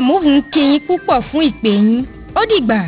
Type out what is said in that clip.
Májẹ̀mú ń kí yín púpọ̀ fún ìpè yín. Ó dìgbà.